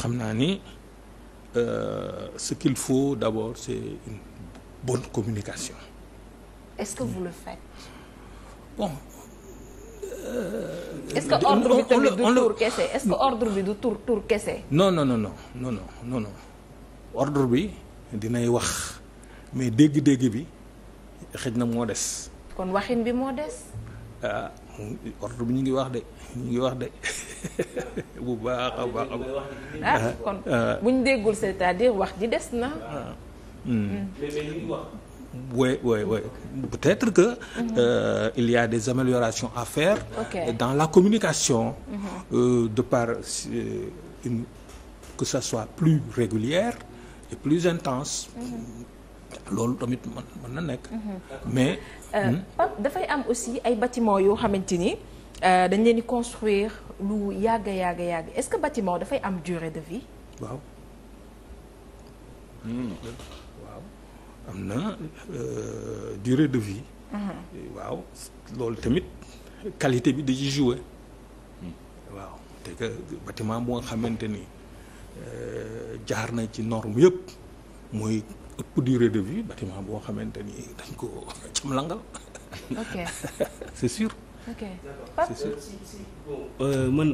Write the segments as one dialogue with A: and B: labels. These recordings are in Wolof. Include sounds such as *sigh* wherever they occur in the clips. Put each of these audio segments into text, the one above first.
A: xam naa ni euh, ce qu'il faut d'abord c'est une bonne communication. est-ce que vous le faites. bon. Euh, est-ce que ordre bi tamit du tur kese est-ce que ordre bi du tur tur ordre bi dinay wax mais dégg-dégg bi xëj na moo des. kon waxin bi moo des. Ah, ordre bi ñu ngi wax de ñu ngi wax de. *laughs* *laughs* bu baax a baax ah kon ah. bu ñu déggul c'est-à-dire wax ji des na. Ah. Hmm. Hmm. oui peut-être que. Mhm. Euh, il y des améliorations à faire. Okay. dans la communication. Mm -hmm. de par euh, que ça soit plus régulière et plus intense. Mhm. loolu tamit mën na nekk. Mhm. mais. Hmm? dafay am aussi ay bâtiments yoo xamante ni. Euh, dañ leen di construire lu yàgg yàgg yàgg est-ce que bâtiment dafay am durée de vie. waaw. Hmm. waaw am na euh, durée de vie. Mhm. waaw loolu tamit qualité bi da ci hmm. waaw te bâtiment bu nga xamante ni euh, jaar na ci norme yëpp mooy ëpp durée de vie bâtiment boo xamante ni dañ ko *laughs* cam langal. ok *laughs* c'est sûr. ok euh, man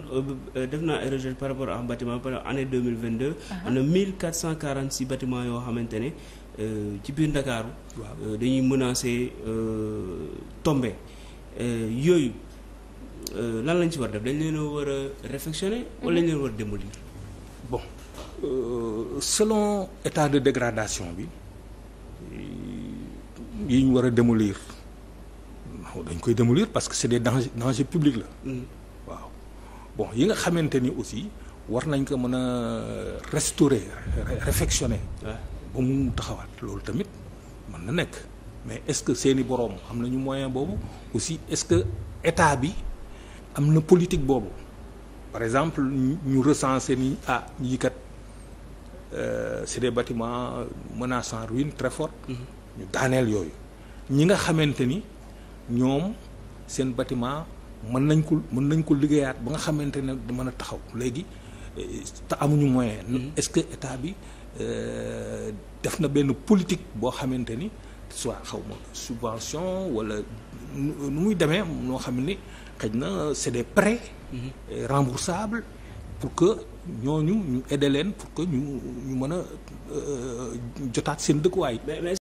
A: euh, def naa ay par rapport am bâtiment par année deux mille vingt deux. am na mille quatre cent quarante six bâtiments yoo xamante ne euh, ci biir Ndakaaru. dañuy menacer tombe yooyu lan lañ ci war def dañ leen a war a réfectionner. wala dañ leen war a démolir. bon selon état de dégradation bi yi ñu war a démolir. dañ koy démolir parce que c'est des dangers dangers publics la. Mm. waaw bon yi nga xamante ni aussi war nañ ko mën a restaurer réfectionner. ba mu taxawaat loolu tamit mën na nekk mais est-ce que seeni boroom am nañu moyen boobu aussi est-ce que état bi am na politique boobu par exemple ñu recenser ni ah yi kat euh, c'est des bâtiments menaçant ruine très fort. Mm-hmm. ñu daaneel yooyu ñi nga xamante ni. ñoom seen batiment mën nañ ko mën nañ ko liggéeyaat ba nga xamante ne mën a taxaw léegi eh, te amuñu moyen. Mm-hmm. est-ce que état bi euh, def na benn politique boo xamante ni soit xaw ma subvention wala nu muy demee noo xam ni xëj na c'est des prêts. Mm-hmm. Euh, remboursables pour que ñooñu ñu aider leen pour que ñu ñu mën a euh, jotaat seen dëkkuwaay.